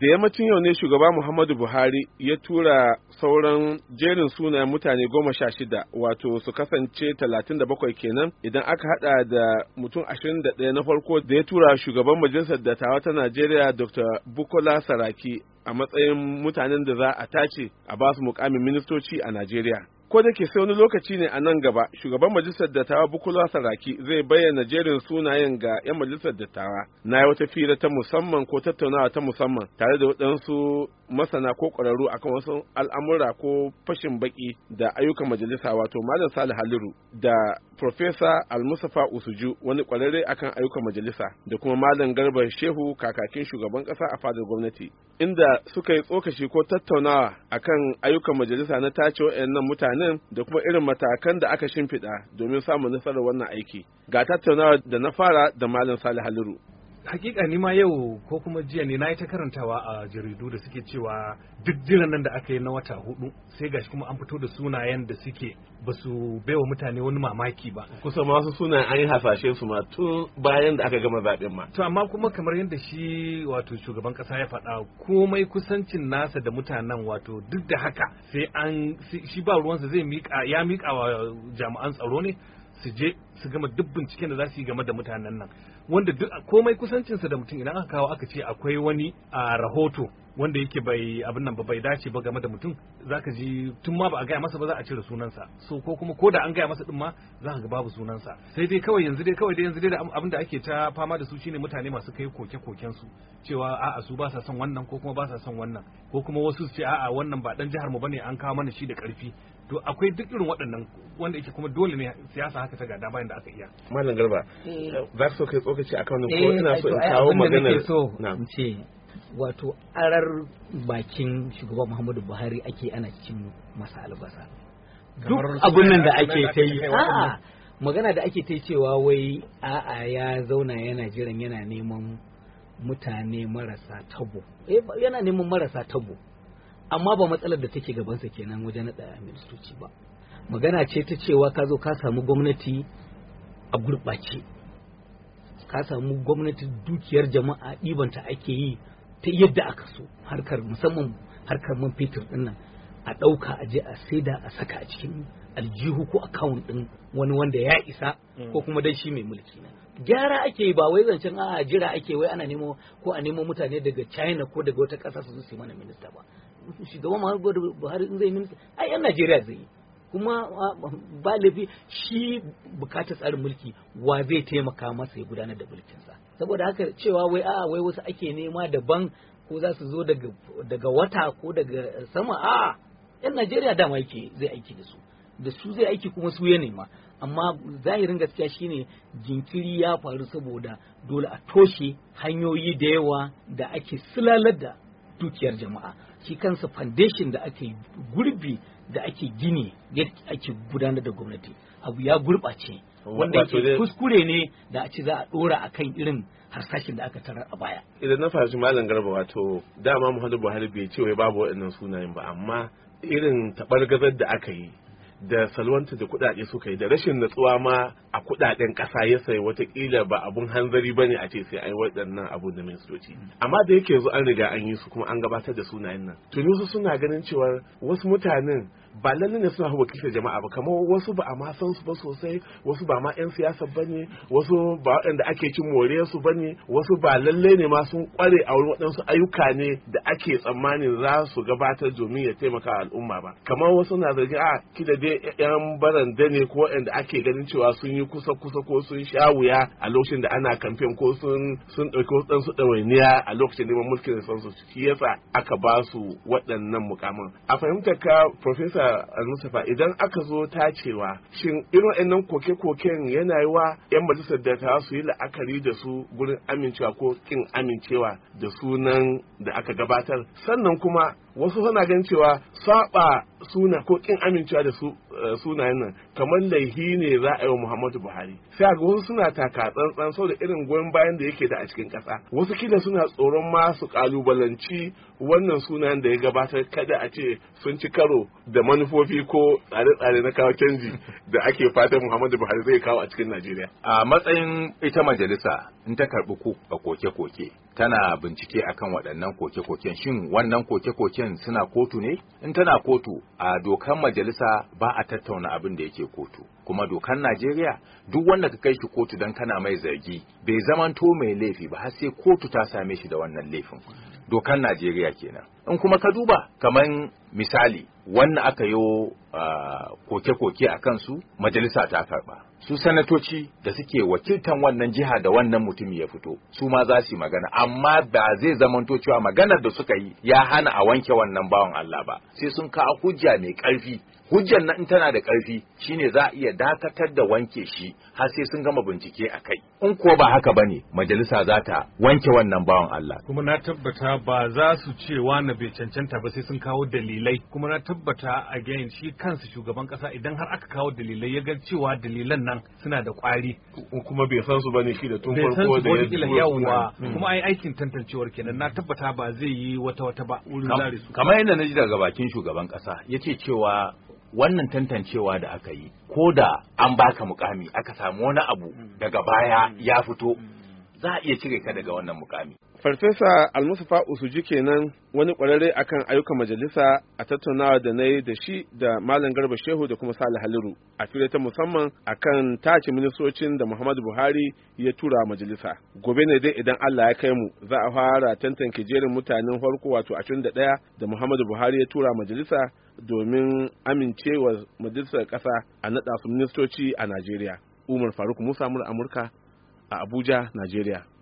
da yammacin yau ne shugaba muhammadu buhari ya tura sauran jerin sunayen mutane goma sha shida wato su kasance talatin da bakwai kenan idan aka hada da mutum ashirin da ɗaya na farko da ya tura shugaban majalisar dattawa ta najeriya dr bukola saraki a matsayin mutanen da za a tace a basu mukamin ministoci a najeriya ko da ke sai wani lokaci ne a nan gaba shugaban majalisar dattawa bukula saraki zai bayyana jerin sunayen ga 'yan majalisar dattawa na wata fira ta musamman ko tattaunawa ta musamman tare da waɗansu masana ko ƙwararru akan wasu al'amura ko fashin baƙi da ayyukan majalisa wato malam salih haliru da profesa almusafa usuju wani ƙwararre akan ayyukan majalisa da kuma malam garba shehu kakakin shugaban ƙasa a fadar gwamnati inda suka yi tsokaci ko tattaunawa akan ayyukan majalisa na tace wayannan mutanen da kuma irin matakan da aka shimfiɗa domin samun nasarar wannan aiki ga tattaunawa da na fara da malam salih haliru hakika ni ma yau ko kuma jiya ne na yi ta karantawa a jaridu da suke cewa duk jiran nan da aka yi na wata hudu sai gashi kuma an fito da sunayen da suke ba su baiwa mutane wani mamaki ba kusa masu suna an yi hasashe su ma tun bayan da aka gama zaɓen ma to amma kuma kamar yadda shi wato shugaban kasa ya faɗa komai kusancin nasa da mutanen wato duk da haka sai an shi ba ruwansa zai mika ya mika wa jami'an tsaro ne su je su gama duk binciken da za su yi game da mutanen nan wanda duk komai kusancinsa da mutum idan aka kawo aka ce akwai wani a rahoto wanda yake bai abin nan ba bai dace ba game da mutum zaka ji tun ma ba a gaya masa ba za a cire sunansa so ko kuma ko da an gaya masa din ma za ka ga babu sunansa sai dai kawai yanzu dai kawai dai yanzu dai da abin da ake ta fama da su shine mutane masu kai koke koken su cewa a'a su ba sa son wannan ko kuma ba sa son wannan ko kuma wasu su ce a'a wannan ba dan jihar mu bane an kawo mana shi da karfi to akwai duk irin waɗannan wanda yake kuma dole ne siyasa haka ta gada wuraren da aka iya malam garba eh. za su kai tsokaci akan ko eh, ina so in kawo magana so in ce wato arar bakin shugaba muhammadu buhari ake ana cin masa albasa duk abun nan da ake ta yi magana da ake ta cewa wai a'a ya zauna yana jiran yana neman mutane marasa tabo eh, yana neman marasa tabo amma ba matsalar da take gabansa kenan wajen naɗa ministoci ba magana ce ta cewa ka zo ka samu gwamnati a gurɓace ka samu gwamnati dukiyar jama'a ɗibanta ake yi ta yadda aka so harkar musamman harkar man fetur din nan a ɗauka a je a saida a saka a cikin aljihu ko akawun ɗin wani wanda ya isa hmm. ko kuma dai shi mai mulki na gyara ake yi ba wai zancen a jira ake wai ana nemo ko a nemo mutane daga china ko daga wata ƙasa su su mana minista ba shugaban buhari in zai minista ai yan najeriya zai yi kuma ba laifi shi bukatar tsarin mulki wa zai taimaka masa ya gudanar da mulkinsa saboda haka cewa wai a wai wasu ake nema daban ko za su zo daga wata ko daga sama a yan najeriya dama yake zai aiki da su da su zai aiki kuma su ya nema amma zahirin gaskiya shine jinkiri ya faru saboda dole a toshe hanyoyi da yawa da ake silalar da dukiyar jama'a shi kansa foundation da ake gurbi da ake gini da ake gudanar da gwamnati abu ya gurɓace wanda ke kuskure ne da a ce za a ɗora a kan irin harsashin da aka tarar a baya idan na fahimci malam garba wato dama muhammadu buhari bai ce wai babu waɗannan sunayen ba amma irin gazar da aka yi da salwanta da kuɗaɗe suka yi da rashin natsuwa ma a kuɗaɗen kasa ya sai watakila ba abun hanzari ba ne a ce sai a yi waɗannan abun da ministoci amma da yake yanzu an riga an yi su kuma an gabatar da sunayen nan tuni su suna ganin cewa wasu mutanen ba lalle ne suna wakiltar jama'a ba kamar wasu ba a ma san su ba sosai wasu ba ma yan siyasa ba wasu ba waɗanda ake cin more su ba wasu ba lallai ne ma sun kware a wurin waɗansu ayyuka ne da ake tsammanin za su gabatar domin ya taimaka al'umma ba kamar wasu na zargin a ah, kila dai yan baranda ne ko waɗanda ake ganin cewa sun yi kusa kusa ko sun sha wuya a lokacin da ana kamfen ko sun sun ɗauki wadansu ɗawainiya a lokacin neman mulkin da sansu shi yasa aka ba su waɗannan mukamin a fahimtar ka profesa al-mustapha idan aka zo ta cewa shin irin waɗannan koke-koken yana yi wa yan majalisar dattawa su yi la'akari da su gurin amincewa ko kin amincewa da sunan da aka gabatar sannan kuma wasu suna ganin cewa saba suna ko kin amincewa da su eh, sunayen nan kamar laihi ne za a yi wa Muhammadu Buhari sai ga wasu suna taka tsantsan saboda irin goyon bayan da yake da a cikin kasa wasu kila suna tsoron ma su kalubalanci wannan sunayen da ya gabatar kada a ce sun ci karo da manufofi ko tsare-tsare na kawo canji da ake fatan Muhammadu Buhari zai kawo a cikin Najeriya a matsayin ita majalisa in ta karbi koke-koke tana bincike akan waɗannan koke-koken shin wannan koke-koken suna kotu ne in tana kotu a dokan majalisa ba a tattauna abin da yake kotu kuma dokan najeriya duk wanda ka kai shi kotu dan kana mai zargi bai to mai laifi ba har sai kotu ta same shi da wannan laifin dokan najeriya kenan in kuma ka duba kaman misali wannan aka yi koke-koke a su majalisa ta karba su sanatoci da suke wakiltan wannan jiha da wannan mutum ya fito su ma za su magana amma ba zai zamanto cewa maganar da suka yi ya hana a wanke wannan bawan Allah ba sai sun kawo hujja mai ƙarfi hujjar nan in tana da ƙarfi shine za a iya dakatar da wanke shi har sai sun gama bincike a kai in kuwa ba haka bane majalisa za ta wanke wannan bawan Allah kuma na tabbata ba za su ce wani bai cancanta ba sai sun kawo dalilai kuma na tabbata again shi kansa shugaban kasa idan har aka kawo dalilai ya ga cewa dalilan nan suna da kwari kuma bai san su bane shi da tun farko da ya yawa kuma ai aikin tantancewar kenan na tabbata ba zai yi wata wata ba kamar yadda na ji daga bakin shugaban kasa yace cewa wannan tantancewa da aka yi ko da an baka mukami aka samu wani abu mm. daga baya ya mm. fito mm. za a iya cire ka daga wannan mukami Farfesa Almusufa Usuji kenan wani kwararre akan ayyukan majalisa a tattaunawa da na yi da shi da Malam Garba Shehu da kuma Salih Haliru a fili ta musamman akan tace ministocin da Muhammadu Buhari ya tura majalisa. Gobe ne dai idan Allah ya kai mu za a fara tantance jerin mutanen farko wato 21 da ɗaya da Muhammadu Buhari ya tura majalisa domin amincewa majalisar ƙasa a naɗa su ministoci a Najeriya. Umar Faruk Musa Amurka a Abuja, Najeriya.